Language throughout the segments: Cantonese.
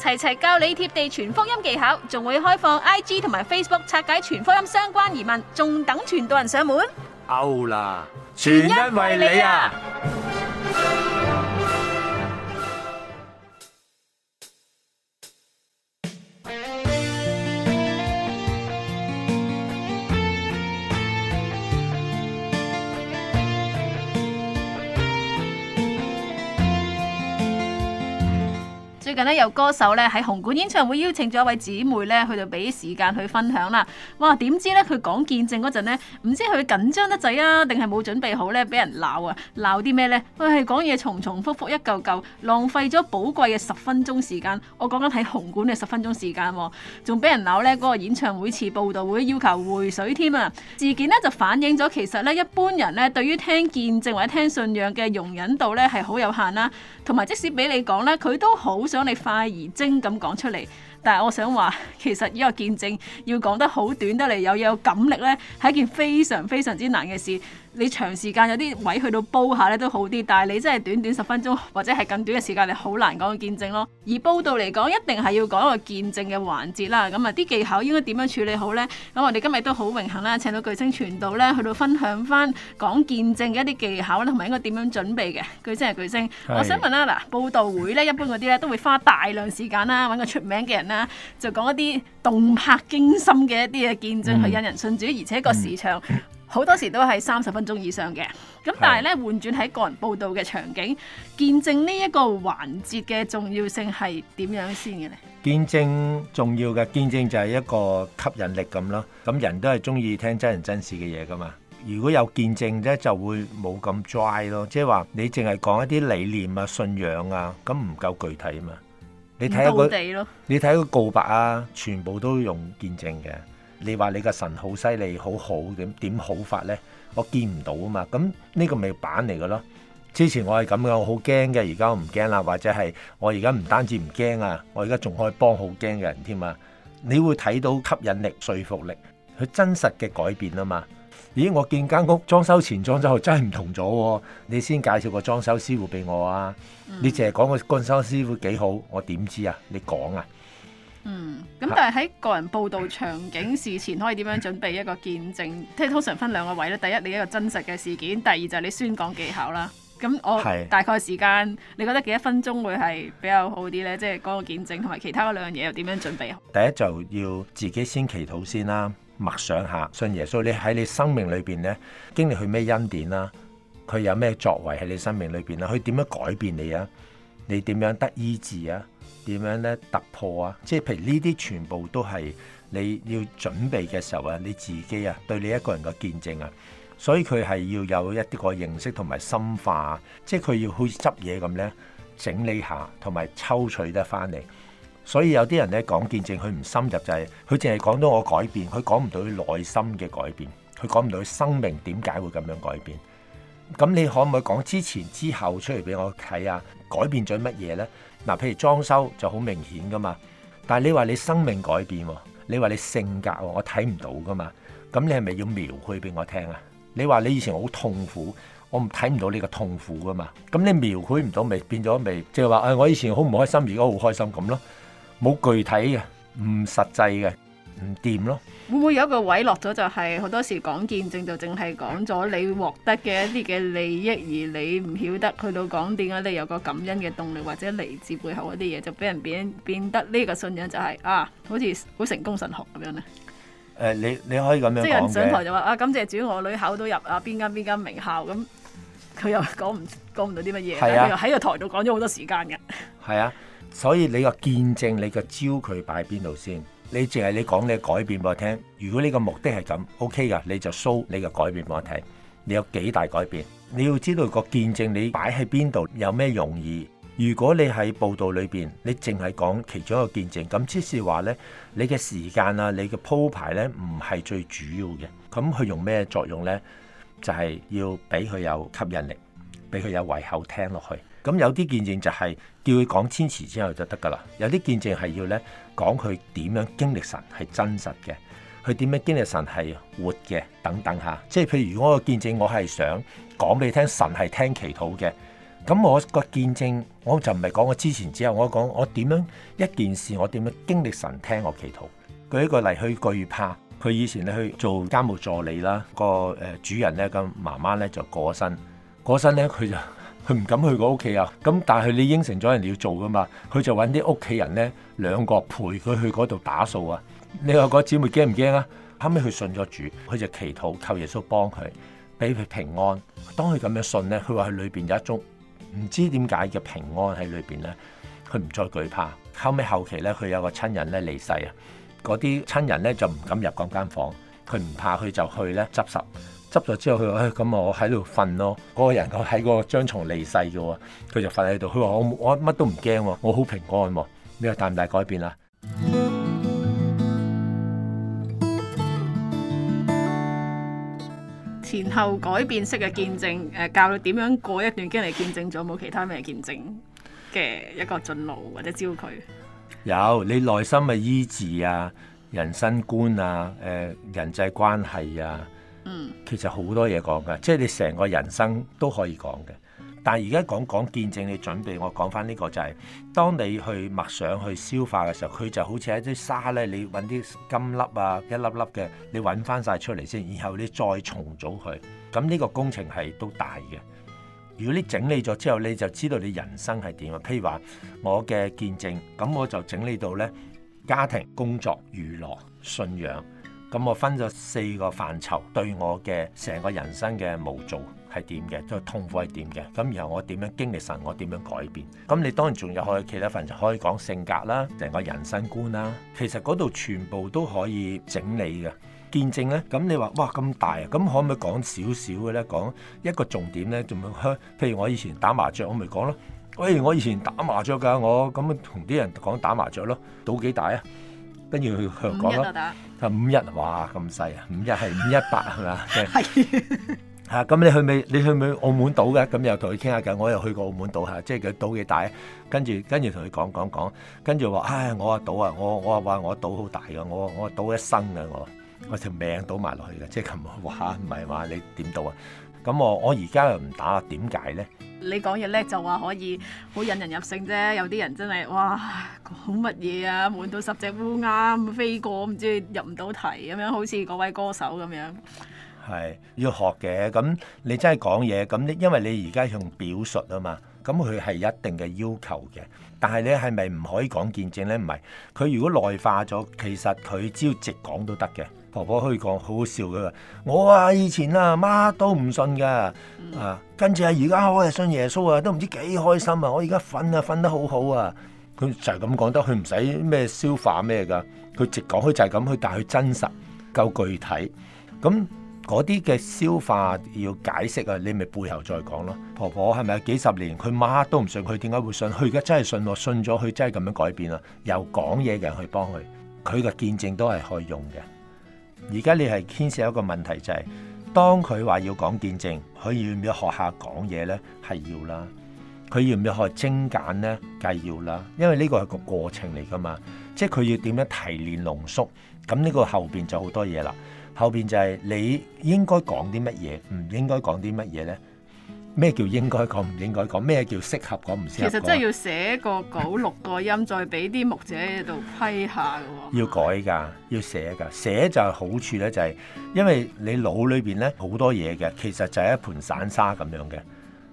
齊齊教你貼地傳福音技巧，仲會開放 IG 同埋 Facebook 拆解傳福音相關疑問，仲等全島人上門。out 啦，全因為你啊！最近呢，有歌手咧喺紅館演唱會邀請咗一位姐妹咧去到俾時間去分享啦，哇！點知咧佢講見證嗰陣咧，唔知佢緊張得滯啊，定係冇準備好咧俾人鬧啊？鬧啲咩咧？佢，講嘢重重複複一嚿嚿，浪費咗寶貴嘅十分鐘時間。我講緊喺紅館嘅十分鐘時間，仲俾人鬧咧嗰個演唱會次報道會要求回水添啊！事件呢就反映咗，其實咧一般人咧對於聽見證或者聽信仰嘅容忍度咧係好有限啦，同埋即使俾你講咧，佢都好想。當你快而精咁講出嚟，但係我想話，其實呢個見證要講得好短得嚟，又有感力呢，係一件非常非常之難嘅事。你長時間有啲位去到煲下咧都好啲，但係你真係短短十分鐘或者係更短嘅時間，你好難講到見證咯。而報道嚟講，一定係要講一個見證嘅環節啦。咁啊，啲技巧應該點樣處理好呢？咁我哋今日都好榮幸啦，請到巨星傳道咧去到分享翻講見證嘅一啲技巧啦，同埋應該點樣準備嘅巨星係巨星。是我想問啦，嗱，報道會咧一般嗰啲咧都會花大量時間啦，揾個出名嘅人啦，就講一啲動魄驚心嘅一啲嘅見證，去引人信主，而且個市場。好多時都係三十分鐘以上嘅，咁但係咧，換轉喺個人報道嘅場景，見證呢一個環節嘅重要性係點樣先嘅呢？見證重要嘅，見證就係一個吸引力咁咯。咁人都係中意聽真人真事嘅嘢噶嘛。如果有見證咧，就會冇咁 dry 咯。即係話你淨係講一啲理念啊、信仰啊，咁唔夠具體啊嘛。你睇到，你睇個告白啊，全部都用見證嘅。你話你個神好犀利，好好點點好法呢？我見唔到啊嘛，咁呢、呢個咪板嚟嘅咯。之前我係咁樣，我好驚嘅，而家我唔驚啦，或者係我而家唔單止唔驚啊，我而家仲可以幫好驚嘅人添啊。你會睇到吸引力、說服力，佢真實嘅改變啊嘛。咦，我見間屋裝修前裝修後真係唔同咗、啊，你先介紹個裝修師傅俾我啊！嗯、你淨係講個裝修師傅幾好，我點知啊？你講啊！嗯，咁但係喺個人報道場景事前可以點樣準備一個見證？即係通常分兩個位咧，第一你一個真實嘅事件，第二就係、是、你宣講技巧啦。咁我是大概時間，你覺得幾多分鐘會係比較好啲呢？即係嗰個見證同埋其他嗰兩樣嘢又點樣準備？第一就要自己先祈禱先啦、啊，默想下信耶穌，你喺你生命裏邊呢，經歷佢咩恩典啦、啊，佢有咩作為喺你生命裏邊啦，佢點樣改變你啊？你點樣得醫治啊？點樣咧突破啊？即係譬如呢啲全部都係你要準備嘅時候啊，你自己啊，對你一個人嘅見證啊，所以佢係要有一啲個認識同埋深化啊，即係佢要好似執嘢咁咧，整理下同埋抽取得翻嚟。所以有啲人咧講見證，佢唔深入就係佢淨係講到我改變，佢講唔到佢內心嘅改變，佢講唔到佢生命點解會咁樣改變。咁你可唔可以講之前之後出嚟俾我睇啊？改變咗乜嘢咧？嗱，譬如裝修就好明顯噶嘛，但係你話你生命改變，你話你性格，我睇唔到噶嘛，咁你係咪要描繪俾我聽啊？你話你以前好痛苦，我唔睇唔到呢個痛苦噶嘛，咁你描繪唔到咪變咗未？即係話誒我以前好唔開心，而家好開心咁咯，冇具體嘅，唔實際嘅。唔掂咯，會唔會有一個位落咗就係好多時講見證就淨係講咗你獲得嘅一啲嘅利益，而你唔曉得去到講點解，你有個感恩嘅動力或者嚟自背後嗰啲嘢，就俾人變變得呢個信仰就係啊，好似好成功神學咁樣咧。誒、呃，你你可以咁樣，即係人上台就話啊，感謝主我女考到入啊邊間邊間名校咁，佢、嗯、又講唔講唔到啲乜嘢，佢又喺個台度講咗好多時間嘅。係啊，所以你個見證，你個招佢擺邊度先？你淨係你講你嘅改變俾我聽。如果你個目的係咁，OK 噶，你就 show 你嘅改變俾我聽。你有幾大改變？你要知道個見證你擺喺邊度有咩用意。如果你喺報道裏邊，你淨係講其中一個見證，咁即係話呢，你嘅時間啊，你嘅鋪排呢，唔係最主要嘅。咁佢用咩作用呢？就係、是、要俾佢有吸引力，俾佢有胃口聽落去。咁有啲見證就係叫佢講千詞之後就得噶啦。有啲見證係要呢。講佢點樣經歷神係真實嘅，佢點樣經歷神係活嘅，等等吓。即係譬如我個見證，我係想講俾你聽，神係聽祈禱嘅。咁我個見證，我就唔係講我之前之後，我講我點樣一件事，我點樣經歷神聽我祈禱。舉一個例，去懼怕，佢以前咧去做家務助理啦，個誒主人咧、個媽媽咧就過身，過身咧佢就。佢唔敢去個屋企啊！咁但係你應承咗人哋要做㗎嘛，佢就揾啲屋企人呢兩個陪佢去嗰度打掃啊！你話嗰姊妹驚唔驚啊？後尾佢信咗主，佢就祈禱求耶穌幫佢俾佢平安。當佢咁樣信呢，佢話佢裏邊有一種唔知點解嘅平安喺裏邊呢，佢唔再懼怕。後尾後期呢，佢有個親人呢離世啊，嗰啲親人呢就唔敢入嗰間房，佢唔怕佢就去呢執拾。執咗之後，佢話：唉、哎，咁我喺度瞓咯。嗰、那個人就喺個張牀離世嘅，佢就瞓喺度。佢話：我我乜都唔驚喎，我好平安喎。你話大唔大改變啊？前後改變式嘅見證，誒，教你點樣過一段經歷見證，仲有冇其他咩見證嘅一個進路或者焦距？有你內心嘅醫治啊，人生觀啊，誒，人際關係啊。其實好多嘢講㗎，即係你成個人生都可以講嘅。但係而家講講見證，你準備我講翻呢個就係、是，當你去默上去消化嘅時候，佢就好似一啲沙咧，你揾啲金粒啊，一粒粒嘅，你揾翻晒出嚟先，然後你再重組佢。咁呢個工程係都大嘅。如果你整理咗之後，你就知道你人生係點啊。譬如話我嘅見證，咁我就整理到呢家庭、工作、娛樂、信仰。咁我分咗四個範疇，對我嘅成個人生嘅無助係點嘅，即係痛苦係點嘅。咁然後我點樣經歷神，我點樣改變。咁你當然仲有可以其他範疇可以講性格啦，成個人生觀啦。其實嗰度全部都可以整理嘅，見證咧。咁你話哇咁大啊，咁可唔可以講少少嘅咧？講一個重點咧，仲咪香？譬如我以前打麻雀，我咪講咯。喂，我以前打麻雀㗎，我咁啊同啲人講打麻雀咯，賭幾大啊？跟住佢講咯，五一，1? 哇咁細 啊！五一係五一八係咪？係係啊！咁你去未？你去未？澳門賭嘅，咁又同佢傾下偈。我又去過澳門賭下，即係佢賭幾大？跟住跟住同佢講講講，跟住話唉，我啊賭啊，我我話話我賭好大㗎，我我賭一生㗎，我我條命賭埋落去㗎。即係咁話，唔係話你點賭啊？咁我我而家又唔打，點解咧？你講嘢叻就話可以好引人入勝啫，有啲人真係哇講乜嘢啊，滿到十隻烏鴉咁飛過，唔知入唔到題咁樣，好似嗰位歌手咁樣。係要學嘅，咁你真係講嘢咁，你因為你而家用表述啊嘛。咁佢係一定嘅要求嘅，但係你係咪唔可以講見證咧？唔係，佢如果內化咗，其實佢只要直講都得嘅。婆婆可以講，好好笑㗎。我啊以前啊乜都唔信㗎，啊跟住啊而家我係信耶穌啊，都唔知幾開心啊！我而家瞓啊瞓得好好啊，佢就係咁講得，佢唔使咩消化咩㗎，佢直講佢就係咁去，但係佢真實夠具體，咁、嗯。嗰啲嘅消化要解釋啊，你咪背後再講咯。婆婆係咪有幾十年佢晚都唔信，佢點解會信？佢而家真係信咯，信咗佢真係咁樣改變啊。由講嘢嘅人去幫佢，佢嘅見證都係可以用嘅。而家你係牽涉一個問題就係、是，當佢話要講見證，佢要唔要學下講嘢呢？係要啦。佢要唔要學精簡呢？梗係要啦，因為呢個係個過程嚟噶嘛，即係佢要點樣提煉濃縮，咁呢個後邊就好多嘢啦。後邊就係你應該講啲乜嘢，唔應該講啲乜嘢呢？咩叫應該講，唔應該講？咩叫適合講，唔適合講？其實真係要寫個稿，錄個音， 再俾啲牧者喺度批下喎。要改㗎，要寫㗎。寫就係好處呢，就係、是、因為你腦裏邊呢好多嘢嘅，其實就係一盤散沙咁樣嘅。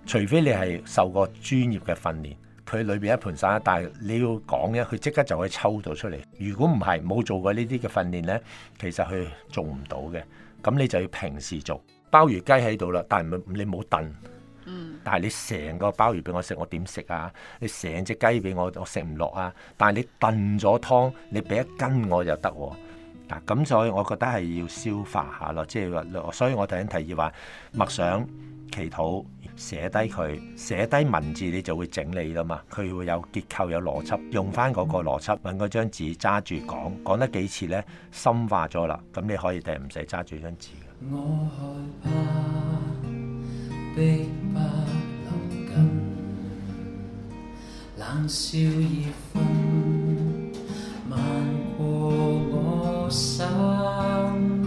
除非你係受過專業嘅訓練。佢裏邊一盤散沙，但係你要講嘅，佢即刻就會抽到出嚟。如果唔係，冇做過呢啲嘅訓練呢，其實佢做唔到嘅。咁你就要平時做。鮑魚雞喺度啦，但係唔你冇燉。但係你成個鮑魚俾我食，我點食啊？你成隻雞俾我，我食唔落啊？但係你燉咗湯，你俾一斤我就得喎，啊。嗱，咁所以我覺得係要消化下咯，即係話，所以我頭先提議話默想祈禱。寫低佢，寫低文字你就會整理㗎嘛。佢會有結構、有邏輯，用返嗰個邏輯，揾嗰張紙揸住講，講得幾次咧，深化咗啦。咁你可以第日唔使揸住張紙。我害怕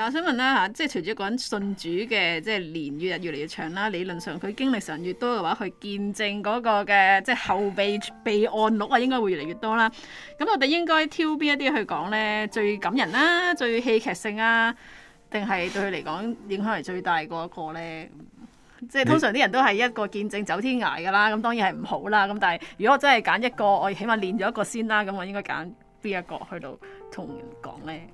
但我想問啦嚇，即係隨住一個人信主嘅，即係年月日越嚟越長啦。理論上佢經歷上越多嘅話，佢見證嗰個嘅即係後備備案錄啊，應該會越嚟越多啦。咁我哋應該挑邊一啲去講咧？最感人啦、啊，最戲劇性啊，定係對佢嚟講影響係最大嗰個咧？即係通常啲人都係一個見證走天涯噶啦，咁當然係唔好啦。咁但係如果我真係揀一個，我起碼練咗一個先啦。咁我應該揀邊一個去到同人講咧？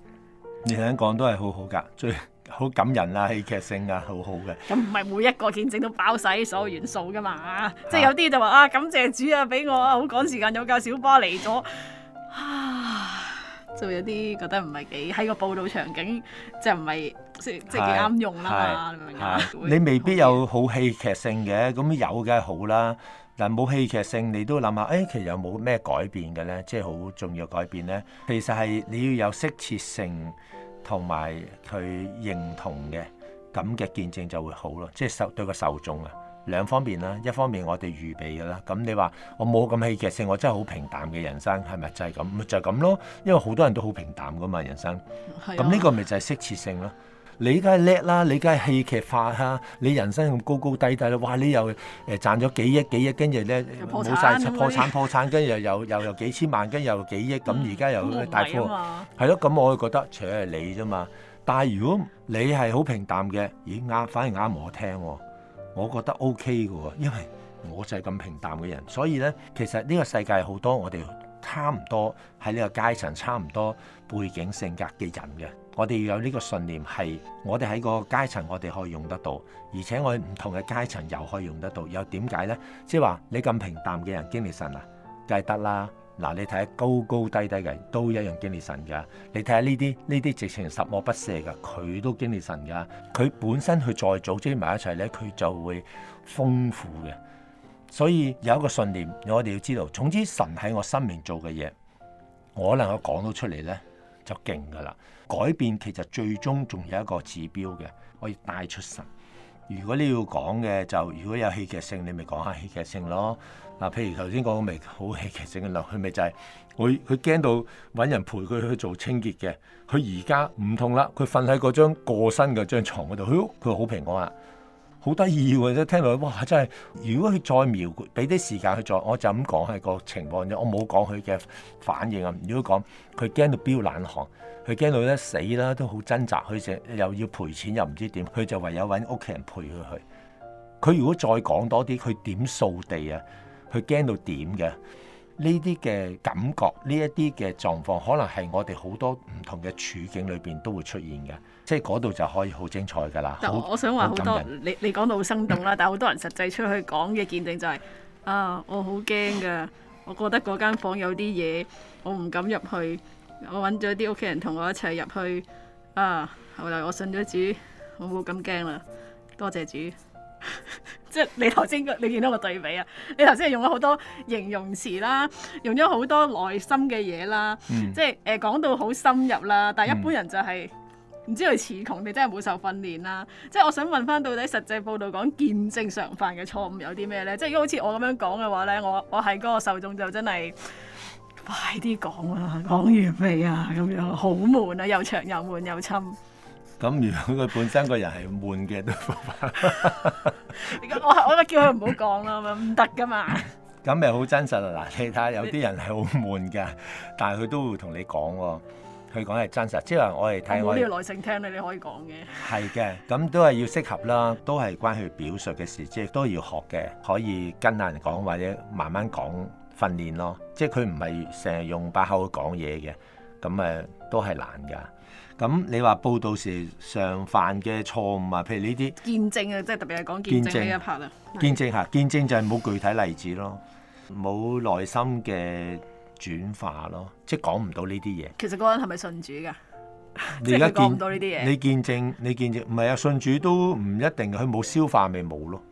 你聽講都係好好㗎，最好感人啦，戲劇性啊，好好嘅。咁唔係每一個見證都包晒所有元素㗎嘛？啊、即係有啲就話啊，感謝主啊，俾我啊，好趕時間有架小巴嚟咗啊，就有啲覺得唔係幾喺個報導場景，即係唔係即係幾啱用啦。你未必有好戲劇性嘅，咁的有梗係好啦，但冇戲劇性，你都諗下，哎，其實有冇咩改變嘅咧？即係好重要改變咧。其實係你要有適切性。同埋佢認同嘅咁嘅見證就會好咯，即係受對個受眾啊兩方面啦，一方面我哋預備嘅啦，咁你話我冇咁戲劇性，我真係好平淡嘅人生，係咪就係咁？咪就係、是、咁咯，因為好多人都好平淡噶嘛，人生，咁呢、啊、個咪就係適切性咯。你梗係叻啦，你梗係戲劇化嚇，你人生咁高高低低啦，哇！你又誒賺咗幾億幾億，跟住咧冇晒，破產破產，跟住產以又又又，又幾千萬，跟又，又幾億，咁而家又大富。係咯，咁我覺得除咗係你啫嘛。但係如果你係好平淡嘅，咦啱，反而啱我聽。我覺得 OK 噶喎，因為我就係咁平淡嘅人，所以咧其實呢個世界好多我哋差唔多喺呢個階層、差唔多背景、性格嘅人嘅。我哋要有呢個信念，係我哋喺個階層，我哋可以用得到，而且我唔同嘅階層又可以用得到。又點解呢？即係話你咁平淡嘅人經歷神啊，梗係得啦。嗱，你睇下高高低低嘅人都一樣經歷神噶。你睇下呢啲呢啲直情十惡不赦嘅，佢都經歷神噶。佢本身佢再組織埋一齊呢，佢就會豐富嘅。所以有一個信念，我哋要知道。總之神喺我生命做嘅嘢，我能夠講到出嚟呢，就勁噶啦。改變其實最終仲有一個指標嘅，可以帶出神。如果你要講嘅就如果有戲劇性，你咪講下戲劇性咯。嗱，譬如頭先講嘅咪好戲劇性嘅，佢咪就係，佢佢驚到搵人陪佢去做清潔嘅。佢而家唔痛啦，佢瞓喺嗰張過身嘅張床嗰度，佢好平安啦。好得意喎！即係聽到佢，哇！真係，如果佢再描繪，俾啲時間佢再，我就咁講係個情況啫。我冇講佢嘅反應啊。如果講佢驚到飆冷汗，佢驚到咧死啦，都好掙扎。佢就又要賠錢，又唔知點。佢就唯有搵屋企人陪佢去。佢如果再講多啲，佢點掃地啊？佢驚到點嘅？呢啲嘅感覺，呢一啲嘅狀況，可能係我哋好多唔同嘅處境裏邊都會出現嘅。即係嗰度就可以好精彩噶啦！我想話好多，你你講到好生動啦，嗯、但係好多人實際出去講嘅見證就係、是、啊，我好驚噶，我覺得嗰間房有啲嘢，我唔敢入去，我揾咗啲屋企人同我一齊入去啊，後嚟我信咗主，我冇咁驚啦，多謝主。 即係你頭先你見到個對比啊，你頭先係用咗好多形容詞啦，用咗好多內心嘅嘢啦，嗯、即係誒講到好深入啦，但係一般人就係、嗯。唔知佢詞窮定真係冇受訓練啦，即係我想問翻到底實際報道講見證常犯嘅錯誤有啲咩咧？即係如果好似我咁樣講嘅話咧，我我喺嗰個受眾就真係快啲講啦、啊，講完未啊？咁樣好悶啊，又長又悶又侵。咁如果佢本身個人係悶嘅，都 我我都叫佢唔好講啦，唔得噶嘛。咁咪好真實啊！嗱，你睇下有啲人係好悶嘅，但係佢都會同你講喎。佢講係真實，即係我哋睇我。咁、嗯、要耐性聽咧，你可以講嘅。係嘅，咁都係要適合啦，的都係關佢表述嘅事，即係都要學嘅，可以跟人講或者慢慢講訓練咯。即係佢唔係成日用把口講嘢嘅，咁誒都係難噶。咁你話報道時常犯嘅錯誤啊，譬如呢啲。見證啊，即係特別係講見證呢一 part 啊。見證嚇的，見證就係冇具體例子咯，冇內心嘅。轉化咯，即係講唔到呢啲嘢。其實嗰個人係咪信主㗎？你而家講唔到呢啲嘢。 你見證，你見證，唔係啊！信主都唔一定，佢冇消化咪冇咯。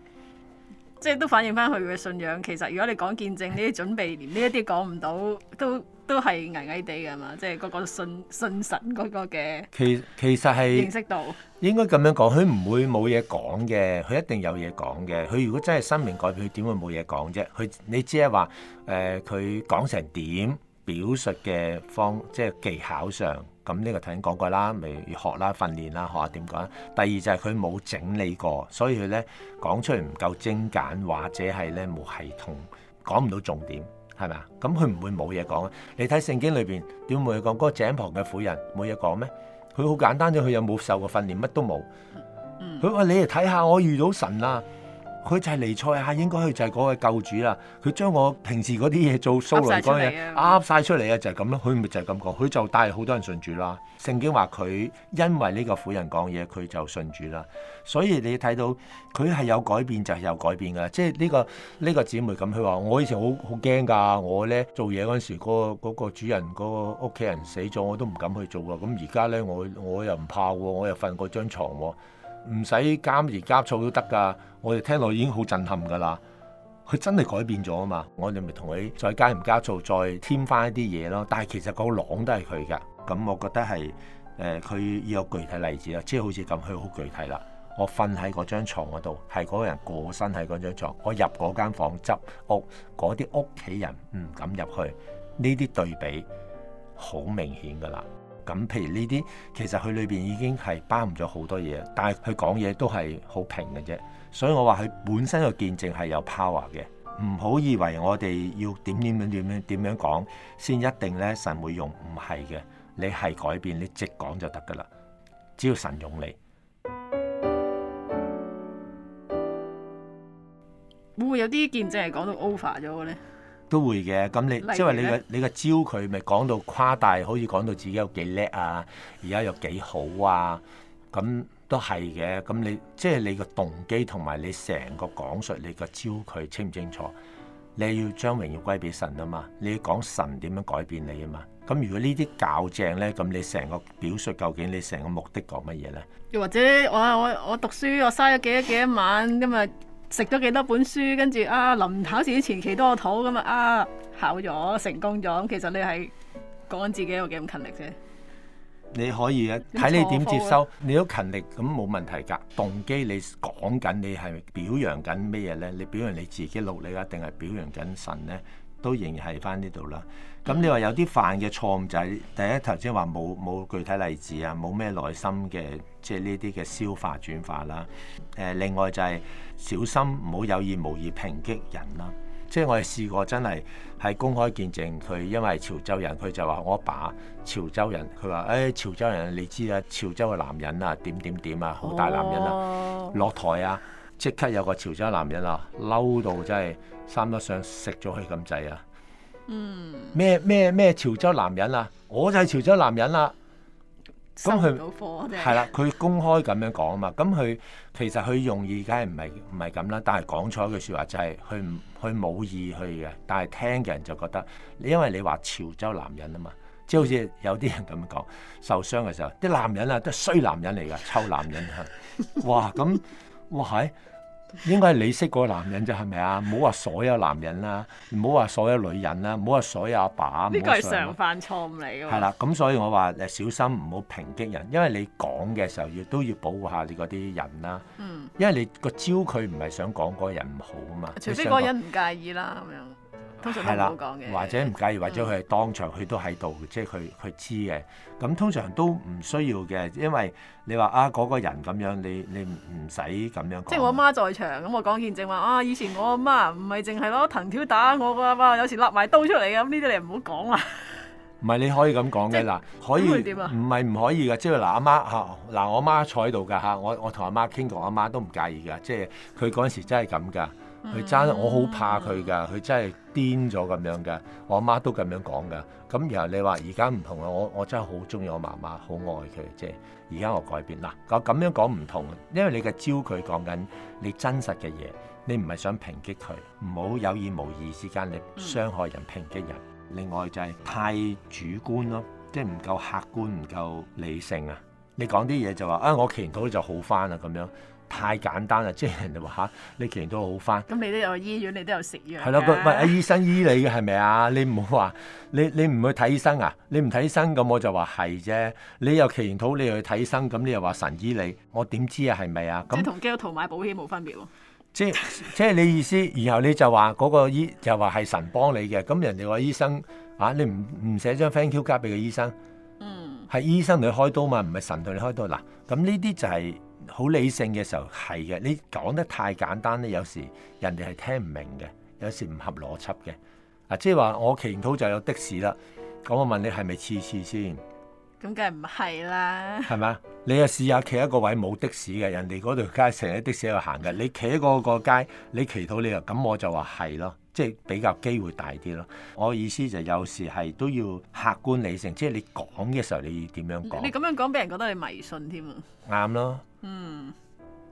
即係都反映翻佢嘅信仰。其實如果你講見證，呢啲準備連呢一啲講唔到都。都係危危地㗎嘛，即係嗰個信信神嗰個嘅。其其實係認識到應該咁樣講，佢唔會冇嘢講嘅，佢一定有嘢講嘅。佢如果真係生命改變，佢點會冇嘢講啫？佢你只係話誒，佢講成點表述嘅方，即係技巧上。咁呢個頭先講過啦，咪要學啦、訓練啦，學下點講。第二就係佢冇整理過，所以佢咧講出嚟唔夠精簡，或者係咧冇系統，講唔到重點。係咪啊？咁佢唔會冇嘢講啊！你睇聖經裏邊點會講嗰個井旁嘅婦人冇嘢講咩？佢好簡單啫，佢有冇受過訓練，乜都冇。佢話：你嚟睇下，我遇到神啦！佢就係離賽啊，應該佢就係嗰個救主啦、啊。佢將我平時嗰啲嘢做蘇黎講嘢，啱晒出嚟啊！就係咁咯，佢咪就係咁講。佢就帶好多人信主啦、啊。聖經話佢因為呢個婦人講嘢，佢就信主啦、啊。所以你睇到佢係有改變就係有改變噶啦。即係、呢、呢個呢、呢個姊妹咁，佢話，我以前好好驚㗎，我咧做嘢嗰陣時，嗰、嗰個嗰個主人、嗰個屋企人死咗，我都唔敢去做喎。咁而家咧，我我又唔怕喎，我又瞓嗰、啊、張床喎、啊。唔使加鹽加醋都得㗎，我哋聽落已經好震撼㗎啦。佢真係改變咗啊嘛，我哋咪同佢再加鹽加醋，再添翻一啲嘢咯。但係其實個囊都係佢㗎，咁、嗯、我覺得係誒，佢、呃、要有個具體例子啦，即係好似咁，佢好具體啦。我瞓喺嗰張牀嗰度，係嗰個人過身喺嗰張牀，我入嗰間房執屋，嗰啲屋企人唔敢入去，呢啲對比好明顯㗎啦。咁，譬如呢啲，其實佢裏邊已經係包含咗好多嘢，但係佢講嘢都係好平嘅啫。所以我話佢本身個見證係有 power 嘅，唔好以為我哋要點點點點點點樣講先一定咧神會用，唔係嘅，你係改變，你直講就得㗎喇，只要神用你。會唔會有啲見證係講到 over 咗嘅咧？都會嘅，咁你即係你個你個招佢咪講到誇大，可以講到自己有幾叻啊，而家又幾好啊，咁都係嘅。咁你即係你個動機同埋你成個講述，你個招佢清唔清楚？你要將榮耀歸俾神啊嘛，你要講神點樣改變你啊嘛。咁如果呢啲教正咧，咁你成個表述究竟你成個目的講乜嘢咧？又或者我我我讀書，我嘥咗幾多幾多晚咁啊！食咗幾多本書，跟住啊，臨考試前祈多個禱咁啊，考咗成功咗。咁其實你係講緊自己有幾咁勤力啫。你可以嘅，睇你點接收。啊、你都勤力咁冇問題㗎。動機你講緊你係表揚緊咩嘢呢？你表揚你自己努力啊，定係表揚緊神呢？都仍然係翻呢度啦。咁你話有啲犯嘅錯誤就係第一頭先話冇冇具體例子啊，冇咩內心嘅即係呢啲嘅消化轉化啦。誒、呃，另外就係小心唔好有意無意抨擊人啦。即係我哋試過真係喺公開見證佢，因為係潮州人，佢就話我爸潮州人，佢話誒潮州人你知啊，潮州嘅男人啊點點點啊，好大男人啊，落台啊，哦。即刻有個潮州男人啊，嬲到真係三粒相食咗佢咁滯啊！嗯，咩咩咩潮州男人啊，我就係潮州男人啦，啊。咁佢，到係啦，佢、就是、公開咁樣講啊嘛。咁佢其實佢用意梗係唔係唔係咁啦。但係講錯一句説話就係、是，佢唔，佢冇意去嘅，但係聽嘅人就覺得，你因為你話潮州男人啊嘛，即係好似有啲人咁講，受傷嘅時候啲男人啊都係衰男人嚟噶，臭男人嚇，啊。哇！咁。哇係，應該係你識嗰個男人啫係咪啊？唔好話所有男人啦，唔好話所有女人啦，唔好話所有阿爸，爸。呢個係常犯錯誤嚟㗎。係啦，咁所以我話誒小心唔好抨擊人，因為你講嘅時候要都要保護下你嗰啲人啦。嗯，因為你個招佢唔係想講嗰個人唔好啊嘛。嗯，除非嗰個人唔介意啦咁樣。通常係啦，或者唔介意，或者佢當場佢都喺度，即係佢佢知嘅。咁通常都唔需要嘅，因為你話啊嗰、嗰個人咁樣，你你唔使咁樣講。即係我阿媽在場，咁我講見證話啊，以前我阿媽唔係淨係攞藤條打我噶嘛，有時立埋刀出嚟咁，呢啲、嗯、你唔好講啦。唔係你可以咁講嘅嗱，即可以唔係唔可以噶？即係嗱，阿媽嚇嗱、啊啊，我阿媽，媽坐喺度㗎嚇，我我同阿媽傾過，阿媽，媽都唔介意㗎。即係佢嗰陣時真係咁㗎，佢爭、嗯、我好怕佢㗎，佢真係。癲咗咁樣嘅，我阿媽都咁樣講嘅。咁然後你話而家唔同啊，我我真係好中意我媽媽，好愛佢，即係而家我改變喇，我咁樣講唔同，因為你嘅焦距講緊你真實嘅嘢，你唔係想抨擊佢，唔好有意無意之間你傷害人、抨擊人。另外就係太主觀咯，即係唔夠客觀、唔夠理性啊。你講啲嘢就話啊、哎，我傾到就好翻啊咁樣。太簡單啦，即係人哋話嚇你祈禱好返。咁你都有醫院，你都有食藥。係咯，喂，係啊醫生醫你嘅係咪啊？你唔好話你你唔去睇醫生啊？你唔睇醫生咁我就話係啫。你又祈禱，你又去睇醫生，咁你又話神醫你，我點知啊係咪啊？咁同基督徒買保險冇分別喎，啊。即即係你意思，然後你就話嗰，那個醫就話係神幫你嘅，咁人哋話醫生啊，你唔唔寫張 thank you 卡俾個醫生？嗯，係醫生你開刀嘛，唔係神同你開刀嗱。咁呢啲就係，是。好理性嘅時候係嘅，你講得太簡單咧，有時人哋係聽唔明嘅，有時唔合邏輯嘅。啊，即係話我祈禱就有的士啦，咁我問你係咪次次先？咁梗係唔係啦？係咪？你啊試下企一個位冇的士嘅，人哋嗰條街成日的士喺度行嘅，你企喺嗰個街你祈禱你啊，咁我就話係咯。即係比較機會大啲咯。我意思就有時係都要客觀理性，即係你講嘅時候你，你點樣講？你咁樣講，俾人覺得你迷信添啊！啱咯了。嗯。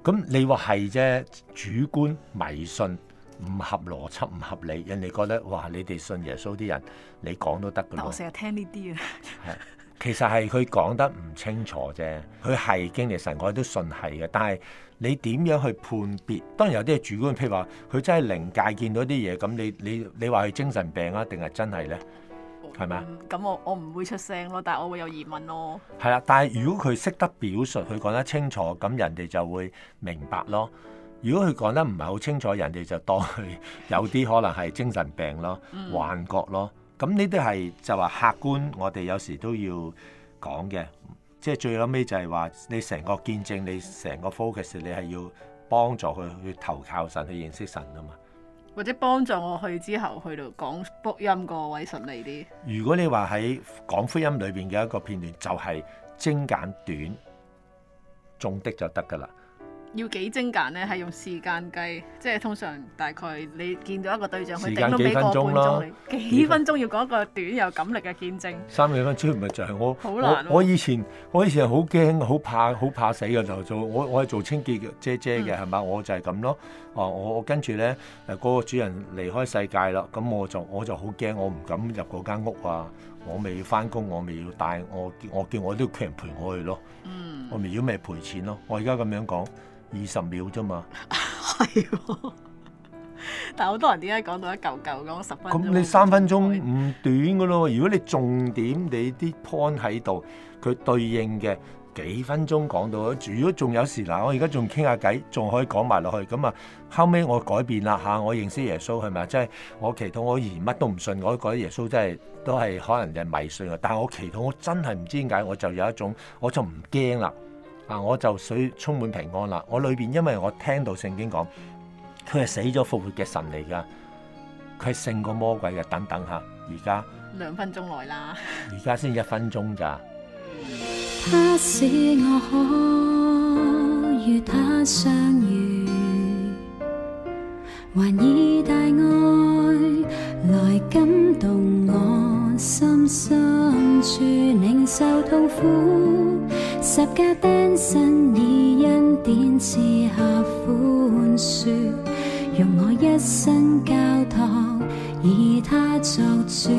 咁你話係啫，主觀迷信，唔合邏輯，唔合理，人哋覺得哇，你哋信耶穌啲人，你講都得㗎喇。我成日聽呢啲啊。係。其實係佢講得唔清楚啫，佢係經歷神，我都信係嘅。但係你點樣去判別？當然有啲係主觀，譬如話佢真係靈界見到啲嘢，咁你你你話佢精神病啊，定係真係咧？係咪啊？咁我我唔會出聲咯，嗯嗯嗯嗯嗯、但係我會有疑問咯。係啦，但係如果佢識得表述，佢講得清楚，咁人哋就會明白咯。如果佢講得唔係好清楚，人哋就當佢有啲可能係精神病咯、嗯、幻覺咯。咁呢啲係就話客觀，我哋有時都要講嘅，即係最後尾就係話你成個見證，你成個 focus，你係要幫助佢去投靠神，去認識神啊嘛。或者幫助我去之後去到講福音個位順利啲。如果你話喺講福音裏邊嘅一個片段，就係精簡短，中的就得㗎啦。要幾精簡咧？係用時間計，即係通常大概你見到一個對象，佢頂都幾分鐘咯，幾分鐘要講一個短又感力嘅見證。三幾分鐘咪就係我，我我以前我以前好驚，好怕好怕死嘅就做我我係做清潔嘅姐姐嘅係咪？我就係咁咯。啊，我我跟住咧誒，嗰個主人離開世界啦，咁我就我就好驚，我唔敢入嗰間屋啊！我未翻工，我未要帶我我叫我啲屋企人陪我去咯。嗯，我咪如果咪賠錢咯。我而家咁樣講。二十秒啫嘛，係喎，但係好多人點解講到一嚿嚿咁十分鐘？咁你三分鐘唔短㗎咯，如果你重點你啲 point 喺度，佢對應嘅幾分鐘講到，如果仲有時嗱，我而家仲傾下偈，仲可以講埋落去。咁啊，後尾我改變啦嚇，我認識耶穌係咪？即係我祈禱，我以前乜都唔信，我覺得耶穌真係都係可能就係迷信啊。但係我祈禱，我真係唔知點解，我就有一種，我就唔驚啦。嗱，我就水充滿平安啦！我裏面因為我聽到聖經講，佢係死咗復活嘅神嚟㗎，佢係勝過魔鬼嘅。等等吓，而家兩分鐘來啦，而家先一分鐘咋。他使我可與他相遇，還以大愛來感動我心深深處，寧受痛苦。十架單身已因點賜下寬恕，用我一生交託，以他作主。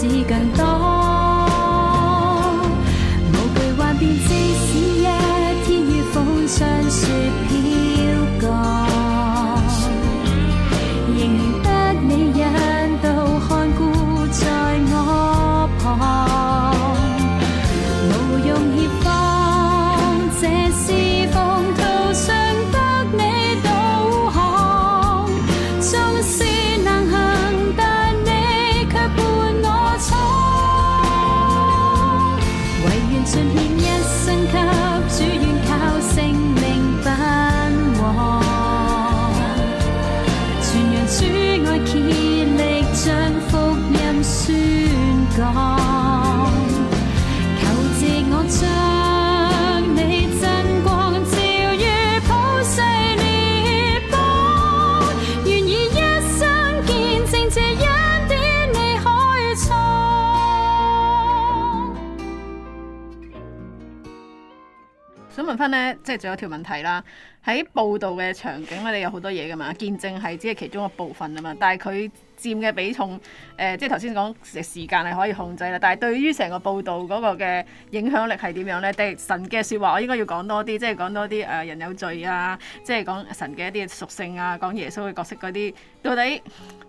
只更多。咧，即係仲有條問題啦。喺報道嘅場景，你有好多嘢噶嘛，見證係只係其中一部分啊嘛。但係佢佔嘅比重，誒、呃，即係頭先講時間係可以控制啦。但係對於成個報道嗰個嘅影響力係點樣咧？定神嘅說話，我應該要講多啲，即係講多啲誒、呃，人有罪啊，即係講神嘅一啲屬性啊，講耶穌嘅角色嗰啲，到底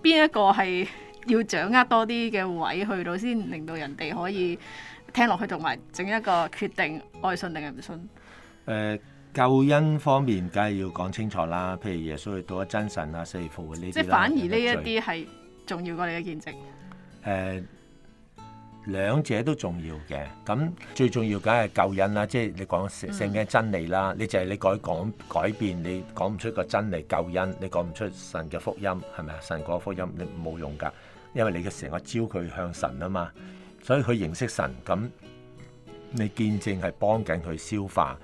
邊一個係要掌握多啲嘅位去到先，令到人哋可以聽落去，同埋整一個決定，愛信定係唔信？誒、呃，救恩方面梗係要講清楚啦。譬如耶穌去到咗真神啊，四復活呢啲即係反而呢一啲係重要過你嘅見證。誒、呃，兩者都重要嘅。咁最重要梗係救恩啦，即係你講聖經真理啦。嗯、你就係你改講改變，你講唔出個真理救恩，你講唔出神嘅福音，係咪啊？神嗰個福音你冇用噶，因為你嘅成個招佢向神啊嘛。所以佢認識神，咁你見證係幫緊佢消化。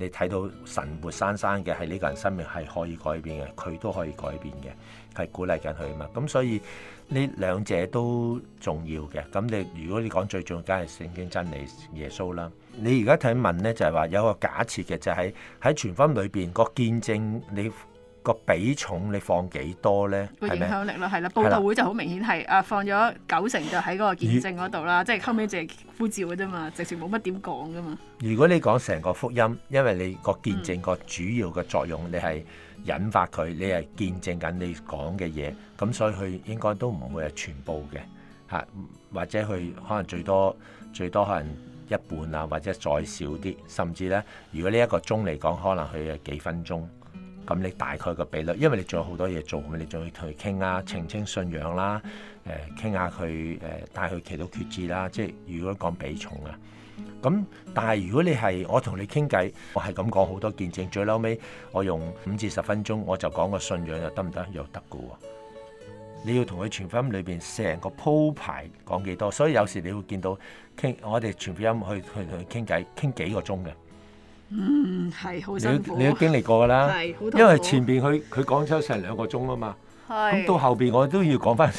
你睇到神活生生嘅係呢個人生命係可以改變嘅，佢都可以改變嘅，係鼓勵緊佢啊嘛。咁所以呢兩者都重要嘅。咁你如果你講最重要梗係聖經真理、耶穌啦。你而家睇問咧，就係話有個假設嘅，就係喺傳福音裏邊個見證你。個比重你放幾多呢？個影響力咯，係啦嗎，報道會就好明顯係的啊，放咗九成就喺嗰個見證嗰度啦，呃、即係後尾淨係呼召啫嘛，直情冇乜點講噶嘛。如果你講成個福音，因為你個見證個主要嘅作用，你係引發佢，嗯、你係見證緊你講嘅嘢，咁所以佢應該都唔會係全部嘅嚇、啊，或者佢可能最多最多可能一半啊，或者再少啲，甚至呢，如果呢一個鐘嚟講，可能佢有幾分鐘。咁你大概個比率，因為你仲有好多嘢做，咪你仲要同佢傾啦、澄清信仰啦、誒傾下佢誒帶佢祈禱決志啦，即係如果講比重啊。咁但係如果你係我同你傾偈，我係咁講好多見證，最撈尾我用五至十分鐘，我就講個信仰又得唔得？又得嘅喎。你要同佢傳福音裏邊成個鋪排講幾多，所以有時你會見到傾我哋傳福音去去去傾偈傾幾個鐘嘅。嗯，係好辛苦。你都經歷過啦，因為前邊佢佢講咗成兩個鐘啊嘛，咁是到後邊我都要講翻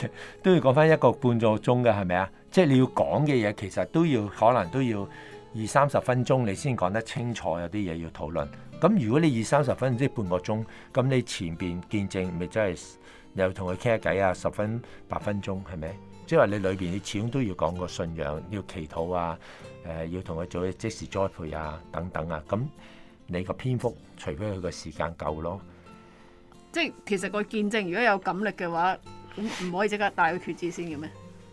都要講翻一個半個鐘嘅，係咪啊？即係你要講嘅嘢，其實都要可能都要二,三十，要二三十分鐘，你先講得清楚，有啲嘢要討論。咁如果你二三十分即係半個鐘，咁你前邊見證，咪真係你又同佢傾下偈啊，十分八分鐘，係咪？即係話你裏邊你始終都要講個信仰，要祈禱啊。誒、呃，要同佢做啲即時栽培啊，等等啊，咁你個篇幅除非佢個時間夠咯。即係其實個見證如果有感力嘅話，咁唔可以即刻帶佢決志先嘅咩？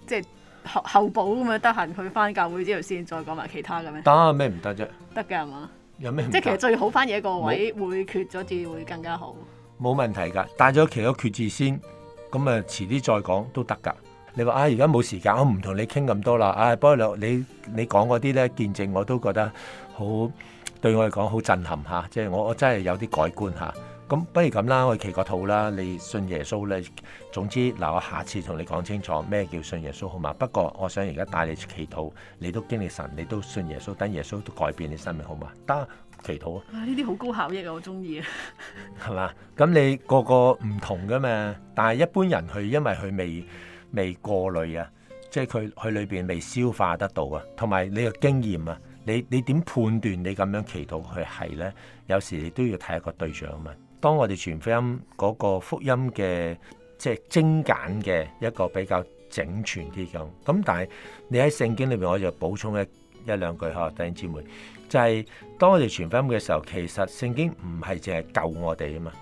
即係後後補咁樣，得閒去翻教會之後先再講埋其他嘅咩？得咩唔得啫？得㗎係嘛？有咩、啊？即係其實最好翻嘢個位沒會決咗志會更加好。冇問題噶，帶咗其他決志先，咁啊遲啲再講都得噶。你話啊，而家冇時間，我唔同你傾咁多啦。啊、哎，不過你你講嗰啲咧見證我我我，我都覺得好對我嚟講好震撼嚇。即係我我真係有啲改觀嚇。咁不如咁啦，我哋祈個禱啦。你信耶穌咧，總之嗱，我下次同你講清楚咩叫信耶穌好嘛。不過我想而家帶你祈禱，你都經歷神，你都信耶穌，等耶穌都改變你生命好嘛。得祈禱啊！呢啲好高效益啊，我中意啊。係 嘛？咁你個個唔同噶嘛，但係一般人佢因為佢未。未過濾啊，即係佢佢裏邊未消化得到啊，同埋你嘅經驗啊，你你點判斷你咁樣祈禱佢係咧？有時你都要睇一個對象啊嘛。當我哋傳福音嗰個福音嘅，即係精簡嘅一個比較整全啲咁。咁但係你喺聖經裏邊，我就補充一一兩句嚇弟兄姊妹，就係、是、當我哋傳福音嘅時候，其實聖經唔係淨係救我哋啊嘛，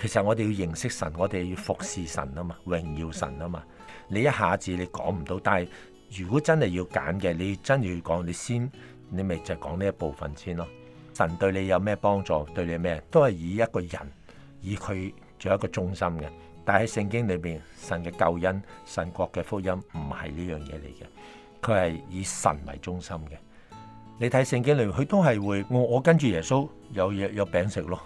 其實我哋要認識神，我哋要服侍神啊嘛，榮耀神啊嘛。你一下子你講唔到，但係如果真係要揀嘅，你真要講，你先你咪就講呢一部分先咯。神對你有咩幫助，對你咩，都係以一個人，以佢做一個中心嘅。但係喺聖經裏邊，神嘅救恩、神國嘅福音唔係呢樣嘢嚟嘅，佢係以神為中心嘅。你睇聖經裏面，佢都係會我我跟住耶穌有有有餅食咯。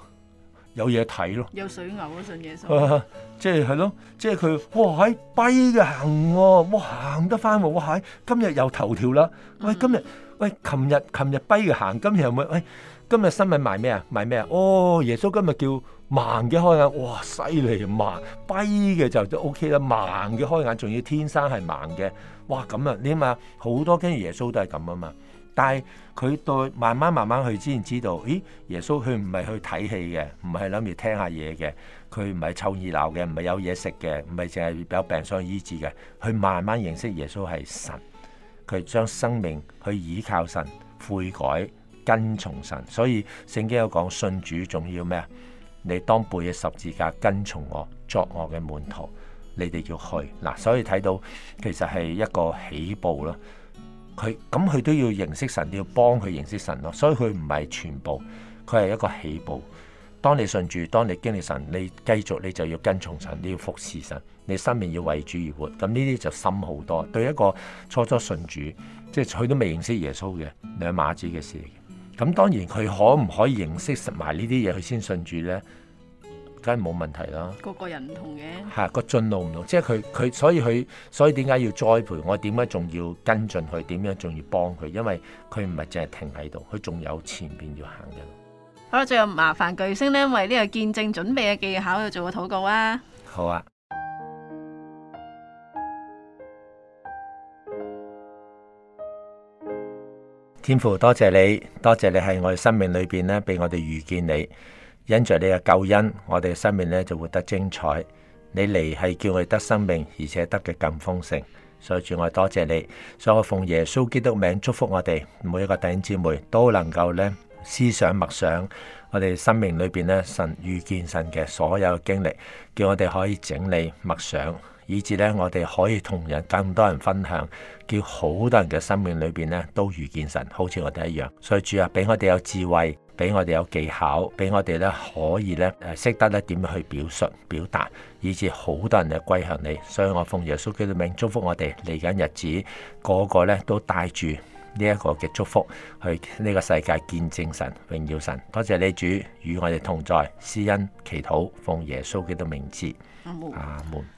有嘢睇咯，有水牛嗰陣嘢。誒，即係係咯，即係佢，哇哎跛嘅行喎，啊，哇行得翻喎，啊，哇哎今日又頭條啦。喂，今日，喂，琴日，琴日跛嘅行，今日又咪，喂，哎，今日新聞賣咩啊？賣咩啊？哦，耶穌今日叫盲嘅開眼，哇，犀利！盲跛嘅就都 O K 啦，盲嘅開眼，仲要天生係盲嘅，哇咁啊！你睇下，好多跟住耶穌都係咁啊嘛。但係佢到慢慢慢慢去，先知道，咦？耶穌佢唔係去睇戲嘅，唔係諗住聽下嘢嘅，佢唔係湊熱鬧嘅，唔係有嘢食嘅，唔係淨係有病想醫治嘅，佢慢慢認識耶穌係神，佢將生命去倚靠神、悔改、跟從神。所以聖經有講，信主仲要咩啊？你當背嘅十字架跟從我，作我嘅門徒，你哋要去嗱。所以睇到其實係一個起步咯。佢咁，佢都要認識神，都要幫佢認識神咯。所以佢唔係全部，佢係一個起步。當你信主，當你經歷神，你繼續，你就要跟從神，你要服侍神，你生命要為主而活。咁呢啲就深好多。對一個初初信主，即係佢都未認識耶穌嘅兩碼子嘅事嚟嘅。咁當然佢可唔可以認識埋呢啲嘢，佢先信主呢？梗係冇問題啦，個個人唔同嘅，係個進路唔同，即係佢佢所以佢所以點解要栽培？我點解仲要跟進佢？點樣仲要幫佢？因為佢唔係淨係停喺度，佢仲有前邊要行嘅路。好啦，最後麻煩巨星呢：為呢個見證準備嘅技巧，去做個禱告啊！好啊，天父，多謝你，多謝你喺我哋生命裏邊咧，俾我哋遇見你。因着你嘅救恩，我哋嘅生命咧就活得精彩。你嚟係叫我哋得生命，而且得嘅更豐盛。所以主我多謝你。所以我奉耶穌基督名祝福我哋每一個弟兄姊妹都能夠咧思想默想我哋生命裏邊咧神遇見神嘅所有經歷，叫我哋可以整理默想，以至咧我哋可以同人更多人分享，叫好多人嘅生命裏邊咧都遇見神，好似我哋一樣。所以主啊，俾我哋有智慧。俾我哋有技巧，俾我哋咧可以咧誒，識得咧點去表述、表達，以至好多人咧歸向你。所以我奉耶穌基督名祝福我哋嚟緊日子，個個咧都帶住呢一個嘅祝福去呢個世界見證神、榮耀神。多謝你主與我哋同在，施恩祈禱，奉耶穌基督名字，阿門。